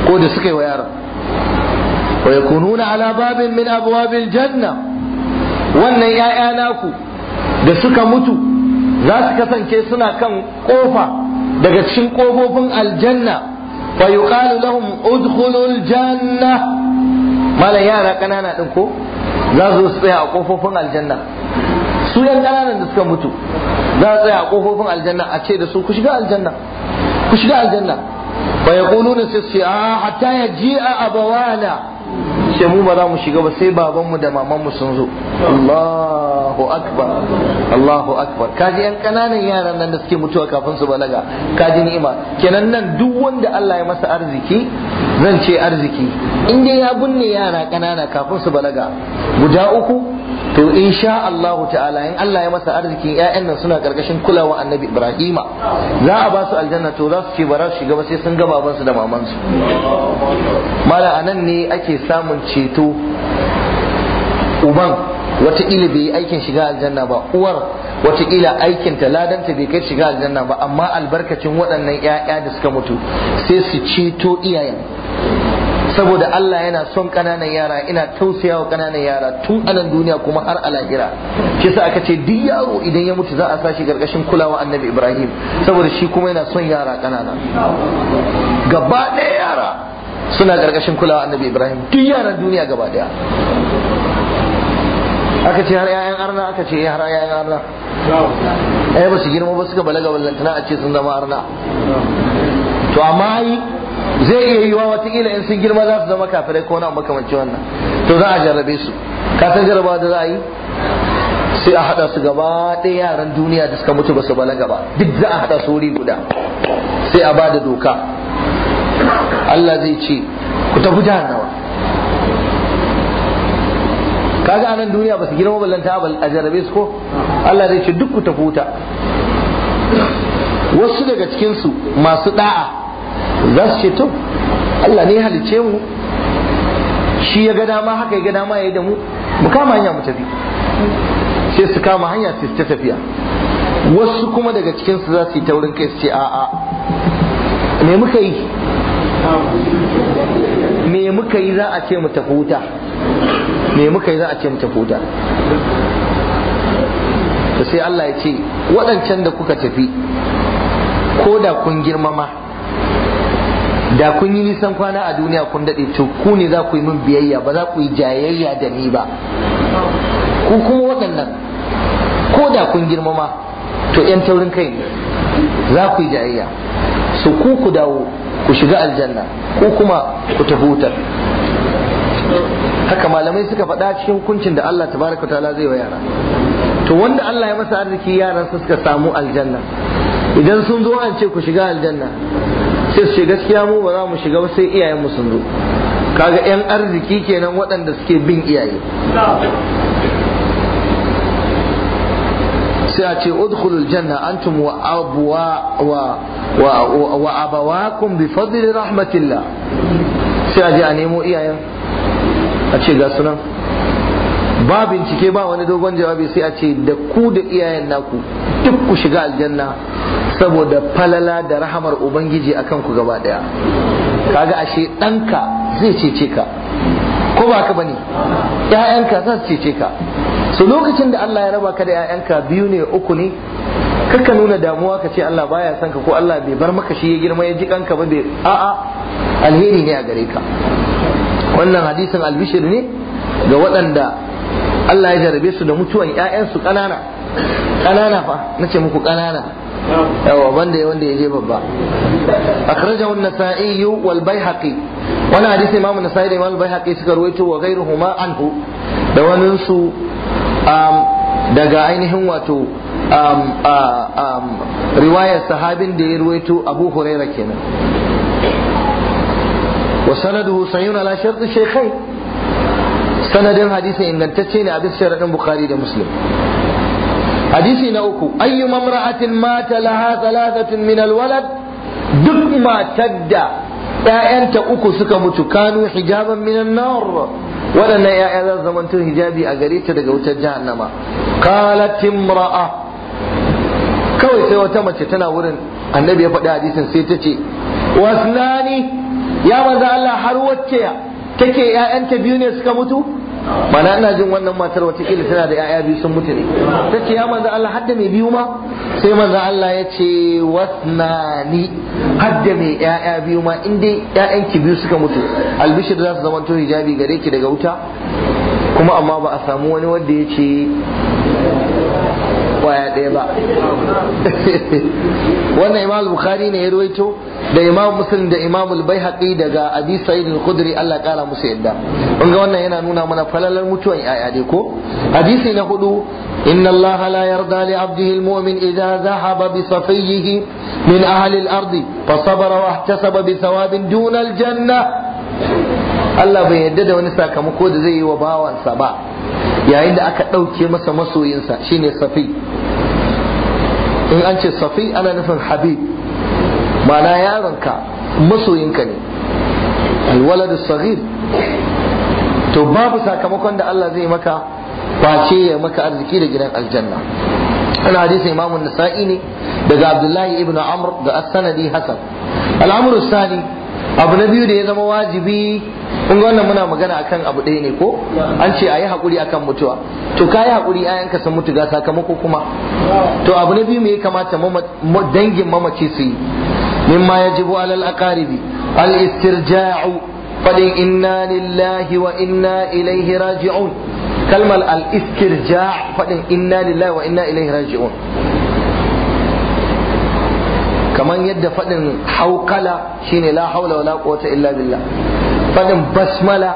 ko da suka yi wa yaron wa yakununa ala babin min abwabil janna wannan ya'ya naku da suka mutu za su kasance suna kan kofa daga cikin ƙofofin aljanna fa yuqalu lahum udkhulul janna malan yara ƙanana ɗin ko za su tsaya a ƙofofin aljanna su yan kananan da suka mutu za su tsaya a ƙofofin aljanna a ce da su ku shiga aljanna ku shiga aljanna fa yaquluna sai su ce a ah, hatta yaji'a abawana ce mu ba za mu shiga ba sai babanmu da mamanmu sun zo Allahu akbar Allahu akbar kaji yan kananan yaran nan da suke mutuwa kafin su balaga kaji ni'ima kenan nan duk wanda Allah ya masa arziki zan ce arziki in dai ya binne yara kanana kafin su balaga guda uku to insha Allahu ta'ala in Allah ya masa arzikin ƴaƴan nan suna karkashin kulawa annabi Ibrahima za a ba su aljanna to zasu su ce ba za su shiga ba sai sun ga baban su da maman su mala anan ne ake samun ceto uban ila bai aikin shiga aljanna ba uwar watakila aikin ta ladanta bai kai shiga aljanna ba amma albarkacin waɗannan ƴaƴa da suka mutu sai su ceto iyayen saboda Allah yana son kananan yara ina tausaya wa kananan yara tun anan duniya kuma har a lahira shi yasa aka ce duk yaro idan ya mutu za a sashi gargashin kulawa annabi Ibrahim saboda shi kuma yana son yara kanana gaba ɗaya yara suna gargashin kulawa annabi Ibrahim duk yaran duniya gaba ɗaya aka ce har 'ya'yan arna aka ce eh har 'ya'yan arna ai eh ba su girma ba suka balaga ballantana a ce sun zama arna to amma zai iya yiwa watakila in sun girma za su zama kafirai ko na makamanci wannan to za a jarrabe su ka san jarraba da za a yi sai a haɗa su gaba ɗaya yaran duniya da suka mutu ba su balaga ba duk za a haɗa su wuri guda sai a bada doka Allah zai ce ku tafi nawa. kaga anan duniya ba su girma ballanta a jarrabe su ko Allah zai ce duk ku tafi wuta wasu daga cikinsu masu da'a za su ce to Allah ne halice mu shi ya ga dama haka ya ga dama ya yi da mu mu kama hanya mu tafi sai su kama hanya su ta tafiya wasu kuma daga cikinsu za su yi taurin kai su ce a'a me muka yi me muka yi za a ce mu tafi wuta me muka yi za a ce mu tafi wuta to sai Allah ya ce waɗancan da kuka tafi ko da kun girmama da kun yi nisan kwana a duniya kun daɗe to ku ne za ku yi min biyayya ba za ku yi jayayya da ni ba ku kuma waɗannan ko da kun girmama to 'yan taurin kai ne za ku yi jayayya su ku ku dawo ku shiga aljanna ko kuma ku tafi wutar haka malamai suka faɗa cikin hukuncin da Allah tabaraka ta'ala zai wa yara to wanda Allah ya masa arziki yaran suka samu aljanna idan sun zo an ce ku shiga aljanna sai su ce gaskiya mu ba za mu shiga ba sai iyayen mu sun zo kaga yan arziki kenan waɗanda suke bin iyaye sai a ce udkhulul janna antum wa abwa wa wa wa abawakum bi fadli rahmatillah sai a je a nemo iyayen a ce ga sunan ba bincike ba wani dogon jawabi sai a ce da ku da iyayen naku duk ku shiga aljanna saboda falala da rahamar ubangiji akan ku gaba daya kaga ashe ɗanka zai cece ka ko ba ka bane ƴaƴanka za su cece ka so lokacin da Allah ya raba ka da ƴaƴanka biyu ne uku ne kaka nuna damuwa ka ce Allah baya son ka ko Allah bai bar maka shi ya girma ya ji kanka ba bai a'a alheri ne a gare ka wannan hadisin albishir ne ga waɗanda Allah ya jarabe su da mutuwan ƴaƴansu ƙanana ƙanana fa nace muku ƙanana yawa banda ya wanda ya je babba akhrajahu an-nasa'i wal baihaqi wani hadisi imam an-nasa'i da imam al-baihaqi suka ruwaito wa ghayruhuma anhu da wani su um, daga ainihin wato um, um, riwayar sahabin da ya ruwaito abu huraira kenan wa sanaduhu sayyun ala shartu shaykhain sanadin hadisi ingantacce ne a bisa sharadin bukhari da muslim hadisi na uku ayyu mamra'atin mata laha thalathatun min alwalad duk matar da 'ya'yanta uku suka mutu kanu hijaban minan nar waɗannan ƴaƴa za su zamanto hijabi a gare ta daga wutar jahannama qalat imra'a kawai sai wata mace tana wurin annabi ya faɗi hadisin sai ta ce wasnani ya manzo Allah har wacce take 'ya'yanta biyu ne suka mutu mana ina jin wannan matar watakila tana da ya'ya biyu sun mutu ne ta ce ya manzo Allah hadda mai biyu ma sai manzo Allah ya ce ni hadda mai ya'ya biyu ma in dai ya'yan ki biyu suka mutu albishir za su zamanto hijabi gare ki daga wuta kuma amma ba a samu wani wanda ya ce kwaya ɗaya ba (laughs) wannan imam bukhari ne ya ruwaito da imam muslim da imam al daga abi sa'id al-khudri Allah kara musu yadda kun ga wannan yana nuna mana falalar mutuwan yaya dai ko hadisi na hudu inna Allah la yarda li 'abdihi al-mu'min idza zahaba bi safiyhi min ahli al-ard fa sabara wa ihtasaba bi thawabin duna al-janna Allah bai yarda da wani sakamako da zai yi wa bawansa ba yayin da aka ɗauke masa masoyinsa shine safi in an ce safi ana nufin habib ma'ana ka masoyinka ne alwalad saghir to babu sakamakon da Allah zai maka face ya maka arziki da gidan aljanna ana hadisi imamu nasa'i ne daga abdullahi Ibnu amr da as-sanadi hasan al'amru sani abu na biyu da ya zama wajibi kun ga wannan muna magana akan abu ɗaya ne ko an ce ayi hakuri akan mutuwa to kayi hakuri ayan ka san mutu ga sakamako kuma to abu na biyu me ya kamata dangin mamaci su yi mimma yajibu alal aqaribi al istirja'u fadin inna lillahi wa inna ilaihi raji'un kalmar al istirja' fadin inna lillahi wa inna ilaihi raji'un kamar yadda fadin haukala shine la haula wala quwwata illa billah fadin basmala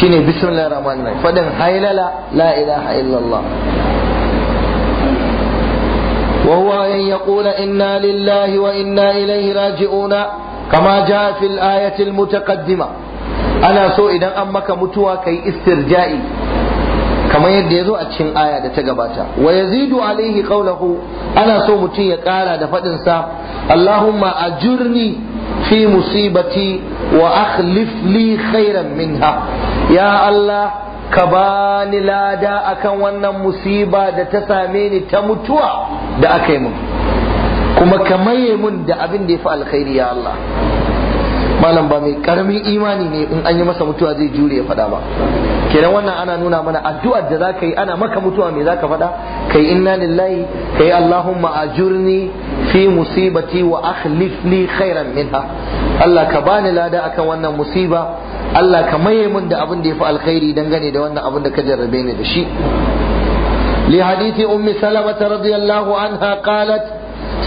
shine bismillahir rahmanir rahim fadin hailala la ilaha illallah وهو أن يقول إنا لله وإنا إليه راجعون كما جاء في الآية المتقدمة أنا سو إذا أمك متوى كي استرجائي كما يديزو أتشن آية تقباتا ويزيد عليه قوله أنا سو متي قال دفتنسا اللهم أجرني في مصيبتي وأخلف لي خيرا منها يا الله ka ba ni lada akan wannan musiba da ta same ni ta mutuwa da aka yi mun kuma ka maye mun da abin da ya fi alkhairi ya Allah malam ba mai karamin imani ne in an yi masa mutuwa zai jure ya faɗa ba kenan wannan ana nuna mana addu'ar da zaka yi ana maka mutuwa me zaka faɗa kai inna lillahi kai allahumma ajurni fi musibati wa akhlif li khairan minha Allah ka bani lada akan wannan musiba Allah ka maye mun da abin da ya fi alkhairi dangane da wannan abin da ka jarrabe ni da shi li hadisi ummi ta radiyallahu anha qalat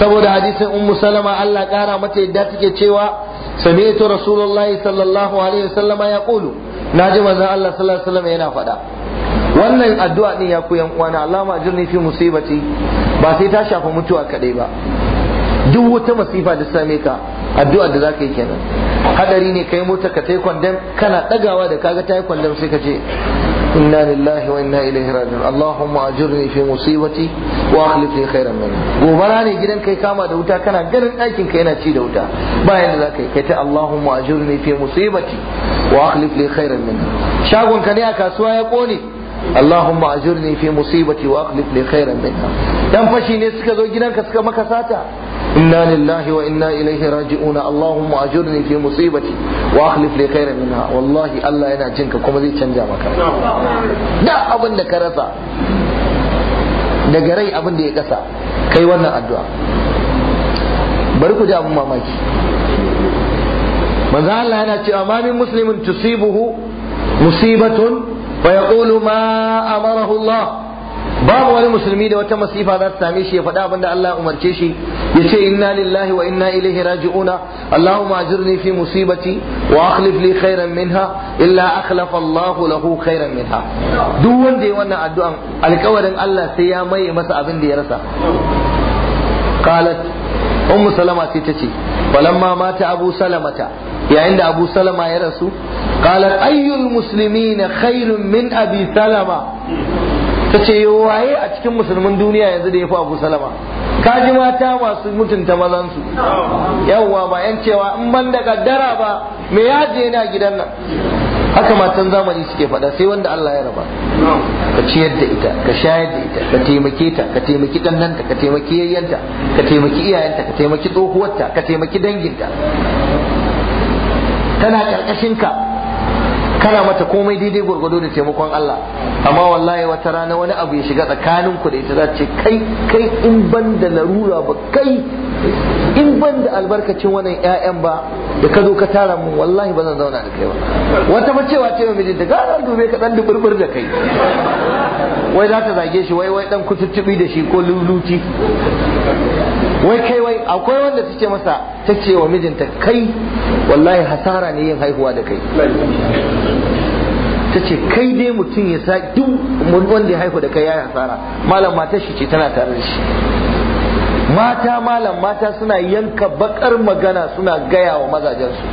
saboda hadisin ummu salama Allah kara mata yadda take cewa sami'tu rasulullahi sallallahu alaihi wasallam ya qulu naji manzon Allah sallallahu yana faɗa wannan addu'a din ya koyan uwana Allahumma ajirni fi musibati ba sai ta shafa mutuwa kaɗai ba duk wata masifa da same ka addu'a da zaka yi kenan hadari ne kai mota ka tai kwandam kana dagawa da kaga tai kwandam sai ka ce inna lillahi wa inna ilaihi raji'un allahumma ajirni fi musibati wa akhlif li khairan minha gobara ne gidan kai kama da wuta kana garin ɗakin ka yana ci da wuta bayan da zaka yi kai ta allahumma ajirni fi musibati wa akhlif li khairan minha shagon ka ne a kasuwa ya kone اللهم fi musibati wa akhlif li khairan minha dan fashi ne suka zo gidanka suka maka sata إنا لله وإنا إليه راجعون اللهم أجرني في مصيبتي وأخلف لي خيرا منها والله الله ينا جنك كما زي تشنجا مكا دا أبن دا كرسا دا غري أبن دا كسا كي ورنا الدعاء بركو جاء أبن ماماكي ماذا الله ينا ما من مسلم تصيبه مصيبة فيقول ما أمره الله babu wani musulmi da wata masifa za ta same shi ya faɗa abin da Allah umarce shi ya ce inna lillahi wa inna ilaihi raji'una Allahumma ajirni fi musibati wa akhlif li khairan minha illa akhlafa Allahu lahu khairan minha duk wanda ya wannan addu'an alƙawarin Allah sai ya maye masa abin da ya rasa qalat ummu salama sai ta ce falamma mata abu salamata yayin da abu salama ya rasu qalat ayyul muslimina khairun min abi salama ta ce waye a cikin musulmin duniya yanzu da ya fi abu salama kaji mata masu mutunta mazansu yawwa ba yan cewa in ban da kaddara ba me ya je na gidan nan haka matan zamani suke faɗa sai wanda Allah ya raba ka ciyar da ita ka shayar da ita ka taimake ta ka taimaki ɗannanta ka taimaki yayyanta ka taimaki iyayenta ka taimaki tsohuwarta ka taimaki danginta tana ka. kana mata komai daidai gwargwado da taimakon Allah amma wallahi wata rana wani abu ya shiga tsakanin ku da ita za ce kai kai in ban da larura ba kai in ban da albarkacin wannan ƴaƴan ba da ka zo ka tara mu wallahi ba zan zauna da kai ba wata ba cewa ce mai da gara dube ka dan duburbur da kai wai za ta zage shi wai wai dan kututtubi da shi ko luluci wai kai wai akwai wanda ta ce masa ta ce wa mijinta kai wallahi hasara ne yin haihuwa da kai ta ce kai dai mutum ya sa duk wanda ya haihu da kai ya hasara malam matar shi ce tana tare da shi mata malam mata suna yanka bakar magana suna gaya wa mazajensu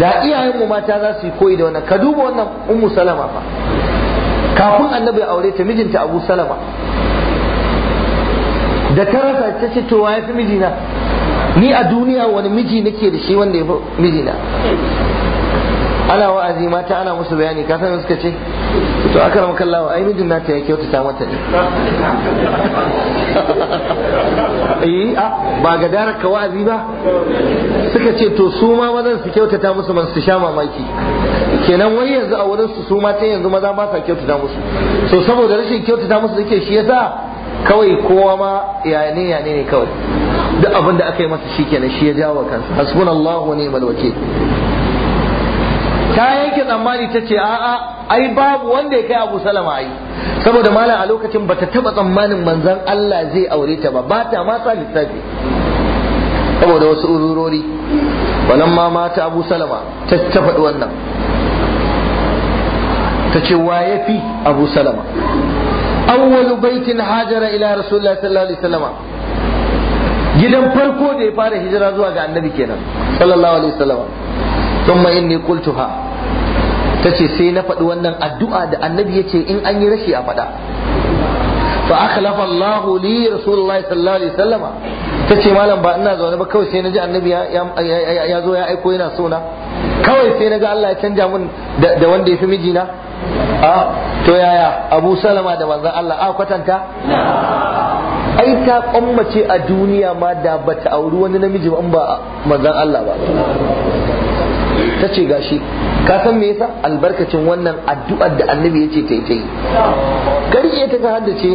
da iyayenmu mata za su yi koyi da wannan ka duba wannan ummu salama fa kafin annabi aure ta mijinta abu salama da ta rasa ta ce to ya fi mijina ni a duniya wani miji nake da shi wanda ya fi mijina ana wa'azi mata ana musu bayani ka san suka ce to aka rama kallawa ai mijin nata ya kyautata mata ne (laughs) eh a ba ga darar ka wa'azi ba suka ce to su ma mazan su kyautata musu man su sha mamaki kenan wai yanzu a wurin su su ta yanzu maza ba sa kyautata musu so saboda rashin kyautata musu suke shi yasa kawai kowa ma yane yane ne kawai duk abin da aka yi masa shi kenan shi ya jawo kansa hasbunallahu wa ni'mal wakil ta yanke tsammani ta ce a'a ai babu wanda ya kai abu salama ai saboda malam a lokacin bata taba tsammanin manzon Allah zai aure ta ba bata ma sa lissafi saboda wasu ururori wannan ma mata abu salama ta ta faɗi wannan ta ce wa ya abu salama awwalu baikin hajara ila rasulullah sallallahu alaihi wasallam gidan farko da ya fara hijira zuwa ga annabi kenan sallallahu alaihi wasallam thumma inni qultuha tace sai na faɗi wannan addu'a da annabi yace in an yi rashi a faɗa fa akhlafa Allah li rasulullahi sallallahu alaihi wasallam tace malam ba ina zaune ba kawai sai ji annabi ya zo ya aiko yana sona kawai sai naga Allah ya canja mun da wanda ya fi mijina a to yaya abu salama da manzan Allah a kwatanta ai ta kwammace a duniya ma da bata auri wani namiji in ba manzan Allah ba ta ce gashi ka san me yasa albarkacin wannan addu'ar da annabi ya ce ta yi ta yi ta ka haddace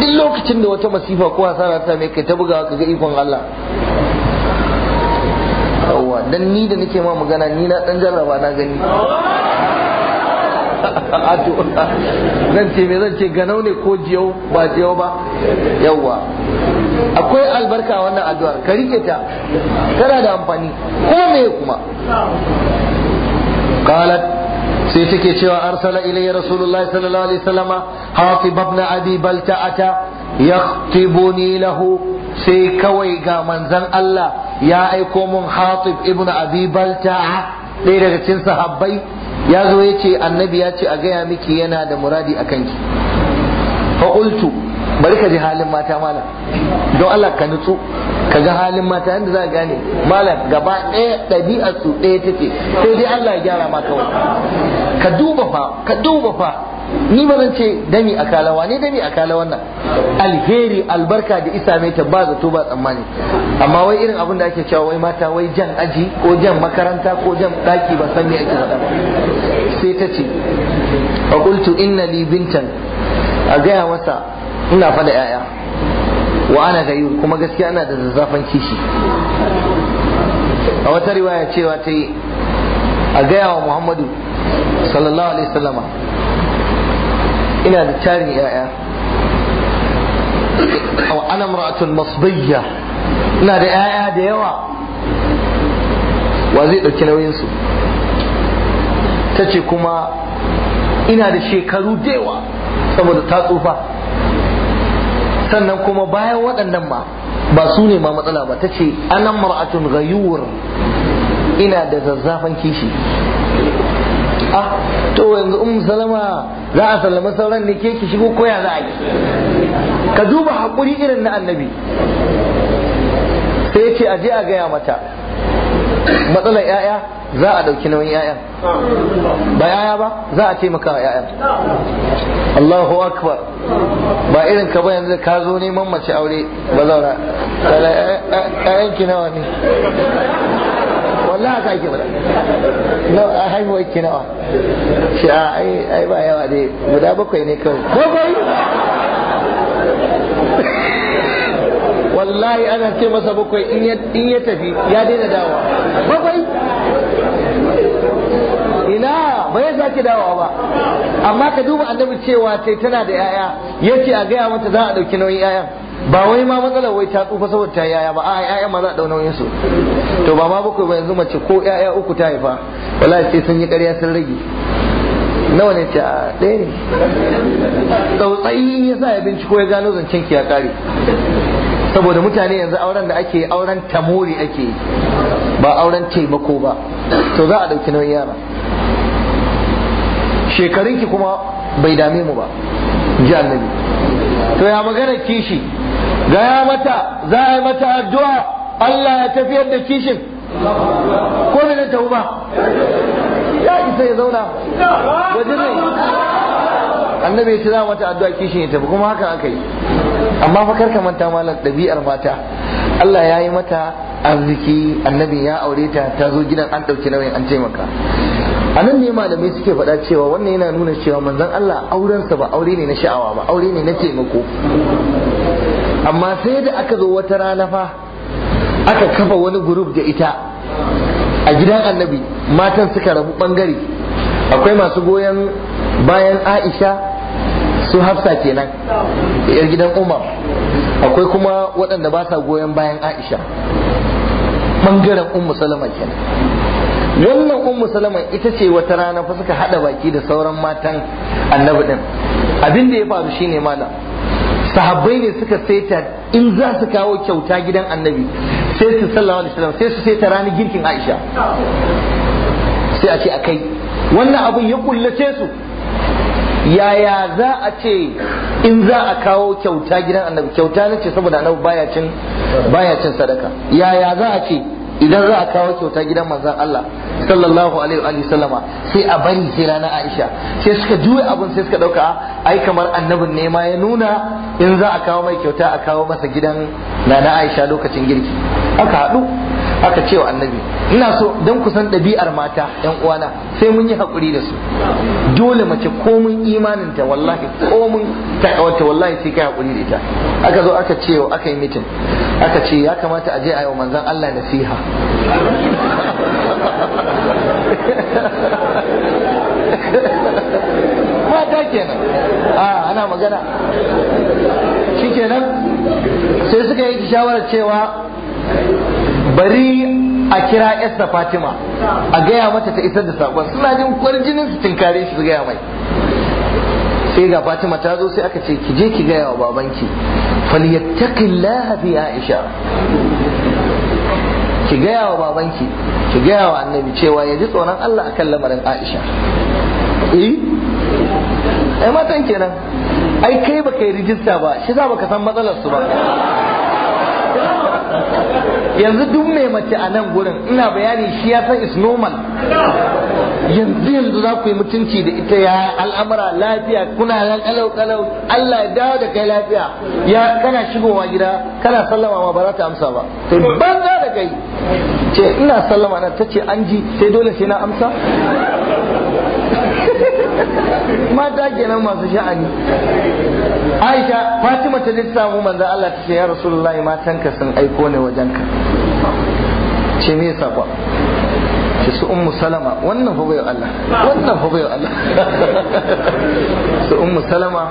duk lokacin da wata masifa ko hasara ta mai kai ta buga ka ga ikon Allah yawwa dan ni da nake ma magana ni na dan jarraba na gani Nan (laughs) ce me zan ce ganau ne ko jiyau ba jiyau ba yawwa akwai albarka wannan addu'ar ka rike ta kana da amfani ko me kuma qalat sai take cewa arsala ilayya rasulullahi sallallahu alaihi wasallama hafib ibn abi balta'ata yaktibuni lahu sai kawai ga manzon Allah ya aiko mun hatib ibn abi balta'a ɗaya daga cikin sahabbai ya zo ya ce annabi ya ce a gaya miki yana da muradi a kanki fa'ultu bari ka ji halin mata malam don Allah ka nutsu ka ga halin mata yadda za a gane malam gaba ɗaya ɗabi'ar su ɗaya take sai dai Allah ya gyara ma kawai ka duba fa ka duba fa ni ba zan ce dami a kalawa ne dami a kala wannan alheri albarka da isa mai ta ba zato ba tsammani amma wai irin abin da ake cewa wai mata wai jan aji ko jan makaranta ko jan daki ba san me ake faɗa sai ta ce fa qultu inna li bintan a gaya masa ina fada yaya wa ana gayu kuma gaskiya ana da zazzafan kishi a wata riwaya cewa ta yi a gaya wa muhammadu sallallahu alaihi wasallama ina da tarin yaya ana mura'atul masbiyya ina da 'ya'ya da yawa wa zai ɗauki nauyinsu ta ce kuma ina da shekaru da yawa saboda ta tsufa sannan kuma bayan waɗannan ma ba su ne ma matsala ba ta ce anan mar'atun gayuwar ina da zazzafan kishi ah to yanzu um salama za a sallama sauran ne ke ki shigo koya za a yi ka duba haƙuri irin na annabi sai ya ce a je a gaya mata matsalar 'ya'ya za a ɗauki nauyin 'ya'ya. ba 'ya'ya ba za a taimaka wa ya'ya Allahu akbar ba irin ka ba yanzu ka zo neman mace aure ba zaura kala 'ya'yan ki nawa ne wallahi ka ake bada na a haihuwar ki nawa shi a ai ba yawa dai guda bakwai ne kawai bakwai wallahi ana ce masa bakwai in ya tafi ya daina dawa bakwai ina bai ya sake dawa ba amma ka duba annabi cewa sai tana da yaya yace a gaya mata za a dauki nauyin yayan ba wai ma matsalar wai ta tsufa saboda ta yaya ba a yaya ma za a dau nauyin su to ba ma bakwai ba yanzu mace ko yaya uku ta haifa wallahi sai sun yi ƙarya sun rage nawa ne ta ɗaya ne tsautsayi ya sa ya binciko ya gano zancen ki ya ƙare saboda mutane yanzu auren da ake auren tamori ake yi ba auren taimako ba to za a ɗauki nauyin yara shekarunki kuma bai dame mu ba ji annabi to ya magana kishi gaya mata za a yi mata addu'a Allah ya tafiyar da kishin ko bai ta ba ya isa ya zauna wajen annabi ya ce za mata addu'a kishin ya tafi kuma haka aka yi amma fa karka manta malam dabi'ar mata Allah ya yi mata arziki annabi ya aure ta ta zo gidan an dauki nauyin an taimaka a nan ne malamai suke faɗa cewa wannan yana nuna cewa manzon Allah aurensa ba aure ne na sha'awa ba aure ne na taimako amma sai da aka zo wata rana fa aka kafa wani guruf da ita a gidan annabi matan suka rabu bangare akwai masu goyon bayan aisha su hafsa kenan yar gidan umar akwai kuma waɗanda ba sa goyon bayan aisha bangaren ummu salama kenan wannan ummu salama ita ce wata rana fa suka haɗa baki da sauran matan annabi ɗin. abin da ya faru shine malam sahabbai ne suka saita in za su kawo kyauta gidan annabi sai su sallallahu alaihi wasallam sai su saita ranar girkin aisha sai a ce a kai. wannan abin ya kullace su yaya za a ce in za a kawo kyauta gidan annabi kyauta ne ce saboda annabi baya cin baya cin sadaka yaya za a ce idan za a kawo kyauta gidan manzon Allah sallallahu alaihi wa sallama sai a bari sai rana Aisha sai suka juye abun sai suka dauka ai kamar annabin ne ma ya nuna in za a kawo mai kyauta a kawo masa gidan nana Aisha lokacin girki aka haɗu aka cewa annabi ina so don kusan ɗabi'ar mata yan uwana sai mun yi haƙuri da su dole mace komun imaninta wallahi komun takawata wallahi sai kai haƙuri da ita aka zo aka cewa aka yi mitin aka ce ya kamata a je a yi wa manzon Allah nasiha (laughs) mata kenan a ana magana shikenan sai suka yi shawarar cewa bari a kira Esta fatima a gaya mata ta isar da sakon suna jin jinin su tinkare shi su gaya mai sai ga fatima ta zo sai aka ce ki je ki gaya wa babanki falyattaqillaha fi aisha ki gaya wa babanki ki gaya wa annabi cewa ya ji tsoron Allah akan lamarin aisha eh ai matan kenan ai kai baka yi rijista ba shi za baka san matsalar su ba yanzu duk mai mace a nan gurin ina bayani shi ya san is normal yanzu yanzu za ku yi mutunci da ita ya al'amura lafiya kuna nan kalau kalau Allah ya dawo da kai lafiya ya kana shigowa gida kana sallama ma ba za ta amsa ba to banza da kai ce ina sallama na ta ce an ji sai dole sai na amsa mata kenan masu sha'ani aisha fatima ta mu manzo Allah ta ce ya rasulullahi matanka sun aiko ne wajenka ce me ba. ce su ummu salama wannan fa bai Allah wannan fa bai Allah (laughs) su ummu salama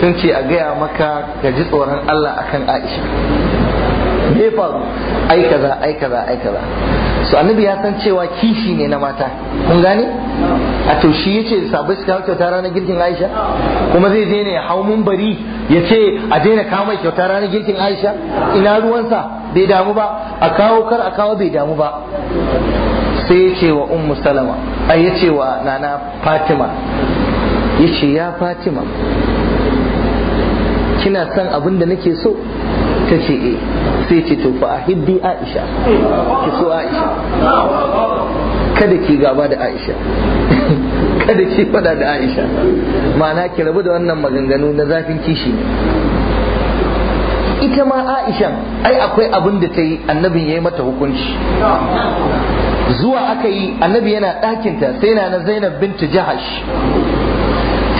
sun ce a gaya maka ka ji tsoron Allah akan Aisha me faru ai kaza ai kaza ai kaza su annabi ya san cewa kishi ne na mata kun gane a to shi yace sabai su kawo kyauta ranar girkin Aisha kuma zai je ne ya hau bari Yace a daina kawo mai kyauta ranar girkin Aisha ina ruwansa bai damu ba a kawo kar a kawo bai damu ba sai ya ce wa ummu salama a ya wa nana fatima ya ya fatima kina son abin da nake so ta ce e sai ce to fa a hiddi aisha ki so aisha kada ki gaba da Aisha (laughs) kada ki fada da Aisha ma'ana ki rabu da wannan maganganu na zafin kishi ita ma Aisha ai akwai abin da ta yi annabin ya yi mata hukunci zuwa aka yi annabi yana ɗakinta sai na na Zainab bintu Jahash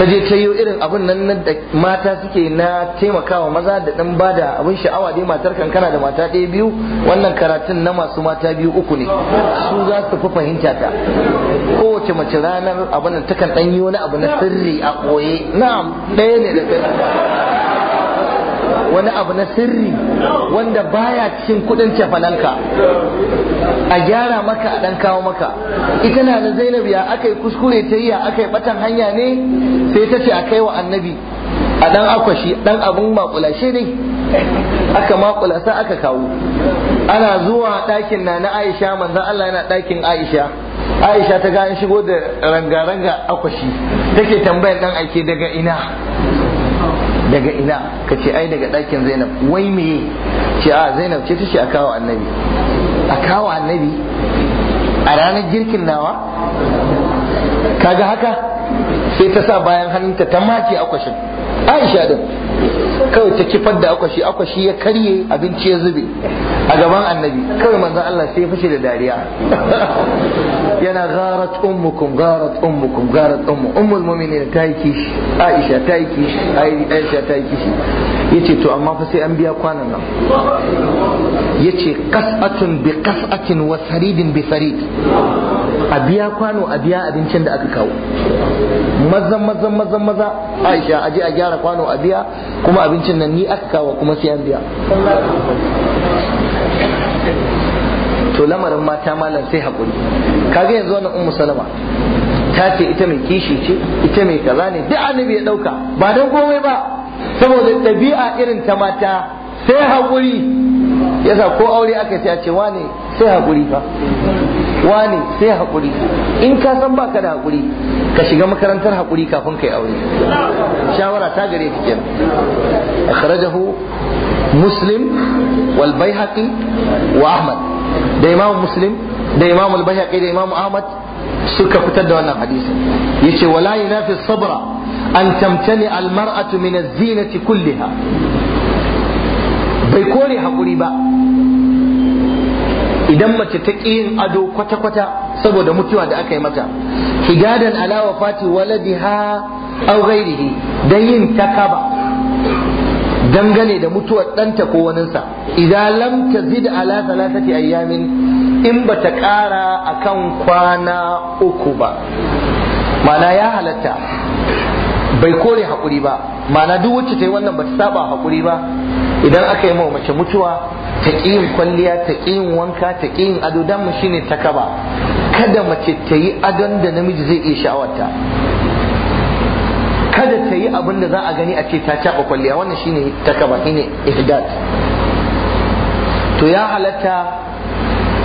ta je ta yi irin abin nan da mata suke na taimakawa maza da dan bada abin sha'awa dai matar kankana da mata ɗaya biyu wannan karatun na masu mata biyu uku ne su za su fi fahimta ta kowace mace ranar abin takan ɗan yi wani abu na sirri a koye na ɗaya ne da wani abu na sirri wanda baya cikin kudin cefananka a gyara maka a dan kawo maka ita na da zainab ya aka yi kuskure ta yi aka yi batan hanya ne sai ta ce a kai wa annabi a dan akwashi dan abun makulashe ne aka sa aka kawo ana zuwa ɗakin na na aisha manzan allah yana dakin aisha aisha ta ga shigo da ranga-ranga akwashi take tambayar dan aike daga ina daga ina ka ce ai daga ɗakin zainab wai me ce a ah, zainab ce ta ce a kawo annabi a kawo annabi a ranar girkin nawa kaga haka sai ta sa bayan hannunta ta a akwashin aisha din kawai ta kifar da akwashi akwashi ya karye abinci ya zube a gaban annabi kawai manzon Allah sai ya fashe da dariya (laughs) yana gharat ummukum gharat ummukum gharat ummu ummul mu'minin ta yi kishi Aisha ta yi kishi Aisha ta yi kishi yace to amma fa sai an biya kwanan nan yace qas'atun bi qas'atin wa saridin bi sarid a biya kwano a biya abincin da aka kawo maza maza maza maza Aisha aje a gyara kwano a biya kuma abincin nan ni aka kawo kuma sai an biya to lamarin mata malam sai hakuri kaga yanzu wannan ummu salama ta ce ita mai kishi ce ita mai kaza ne duk annabi ya dauka ba dan komai ba saboda ɗabi'a irin ta mata sai hakuri yasa ko aure aka sai a ce wane sai hakuri fa wane sai hakuri in ka san baka da hakuri ka shiga makarantar hakuri kafin kai aure shawara ta gare ki kenan akhrajahu muslim wal baihaqi wa ahmad da imam muslim da imam al baihaqi da imam ahmad suka fitar da wannan hadisi yace wala yunafi sabra an tamtani al mar'atu min az-zinati kullaha bai kore hakuri ba idan mace ta ƙi yin ado kwata-kwata saboda mutuwa da aka yi mata hidadan fati waladi ha au gairihi dan yin takaba dangane da mutuwar ɗanta ko waninsa idan lam tazid ala thalathati ayyamin in ba bata ƙara kan kwana uku ba mana ya halatta bai kore haƙuri ba ma'ana duk wacce ta yi wannan ba ta saba hakuri ba idan aka yi mace mutuwa ta yin kwalliya ta yin wanka ta yin ado dan mu shine ta kaba kada mace ta yi adon da namiji zai iya sha'awarta kada ta yi abin da za a gani a ce ta caɓa kwalliya wannan shine ta kaba shine ihdat to ya halatta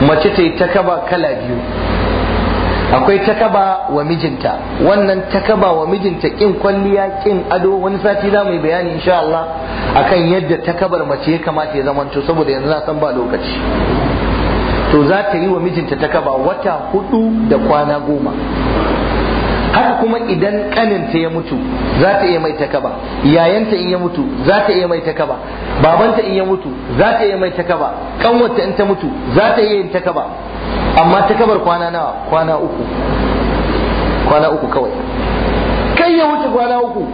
mace ta yi ta kaba kala biyu akwai takaba wa mijinta wannan takaba wa mijinta kin kwalliya kin ado wani sati za mu yi bayani insha Allah akan yadda takabar mace ya kamata ya zamanto saboda yanzu na san ba lokaci to za ta yi wa mijinta takaba wata hudu da kwana goma haka kuma idan kaninta ya mutu za ta iya mai takaba yayanta in ya mutu za ta iya mai takaba babanta in ya mutu za ta iya mai takaba kanwarta in ta mutu za ta iya yin takaba amma ta kabar kwana nawa kwana uku kwana uku kawai kai ya wuce kwana uku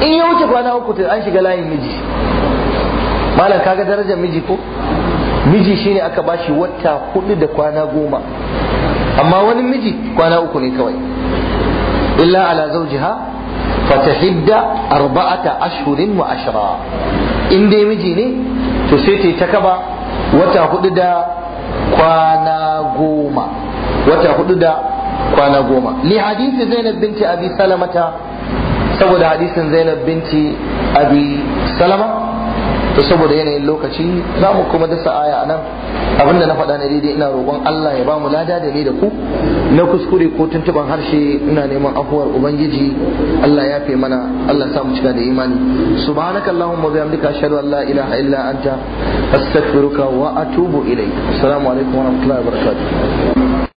in ya wuce kwana uku to an shiga layin miji malam kaga darajar miji ko miji shine aka bashi wata hudu da kwana goma amma wani miji kwana uku ne kawai illa ala zawjiha fatahidda arba'ata ashhurin wa ashra in dai miji ne to sai ta kaba wata hudu da kwana goma wata hudu da kwana goma li hadisi zainab binti abi salamata saboda hadisin zainab binti abi salama to saboda yanayin lokaci za mu kuma dasa aya a nan abinda na faɗa na daidai ina roƙon Allah ya ba mu lada da ni da ku na kuskure ko tuntuban harshe ina neman afuwar ubangiji Allah ya fi mana Allah sa mu cika da imani subhanaka allahumma wa bihamdika ashhadu an la ilaha illa anta astaghfiruka wa atubu ilayk assalamu alaikum wa rahmatullahi wa barakatuh